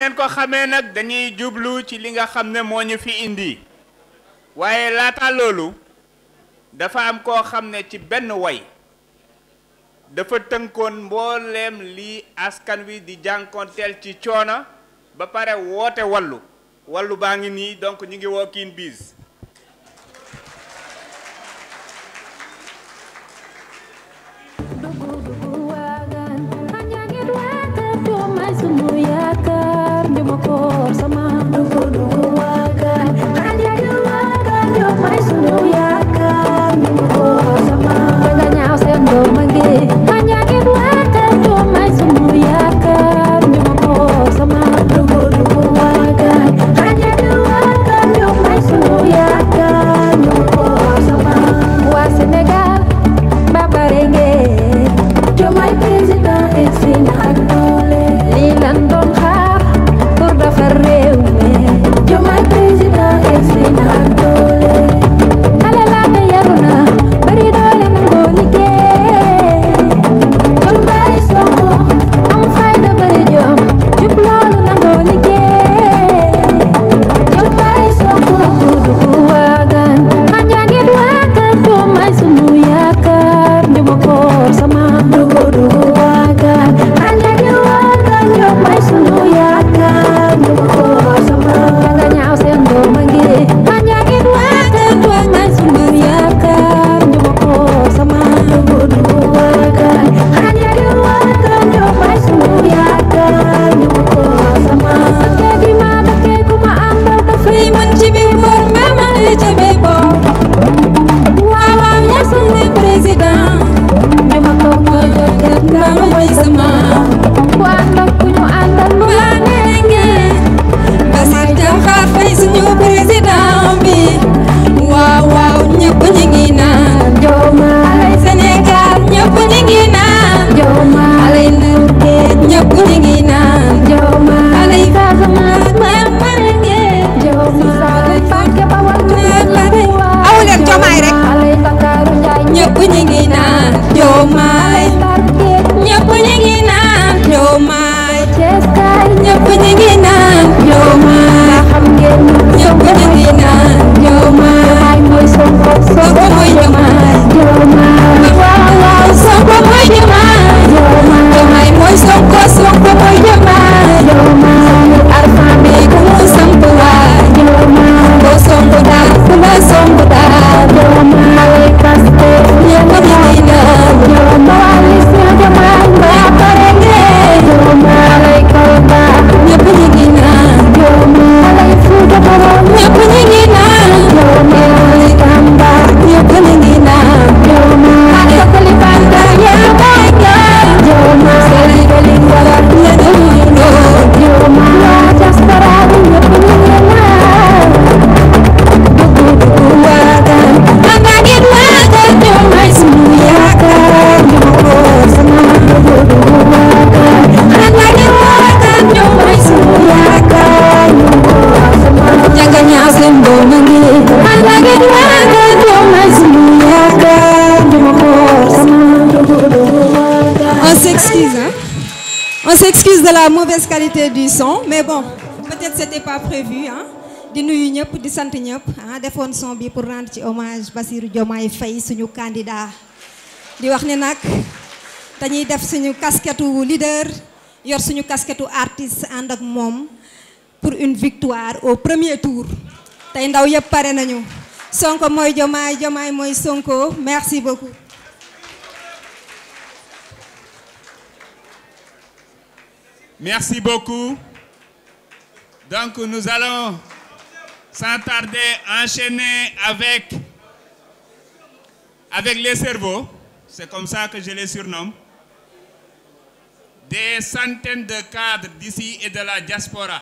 ngeen ko xamee nag dañuy jublu ci li nga xam ne moo ñu fi indi waaye laata loolu dafa am koo xam ne ci benn way dafa tënkoon mbooleem lii askan wi di jànkoon jànkonteel ci coona ba pare woote wallu wallu baa ngi nii donc ñu ngi woo biis s'excuse, hein. On s'excuse de la mauvaise qualité du son, mais bon, peut-être c'était pas prévu, di nuyu ñëpp di sant ñëpp ah defoon son bi pour rendre ci hommage Bassirou Diomaye Faye suñu candidat di wax ni nag dañuy def suñu casquette leader yor suñu casquette artist ànd ak moom pour une victoire au premier tour tey ndaw yëpp pare nañu Sonko mooy Diomaye Diomaye mooy Sonko merci beaucoup Merci beaucoup. Donc nous allons sans tarder enchaîner avec les cerveaux, c'est comme ça que je les surnomme. Des centaines de cadres d'ici et de la diaspora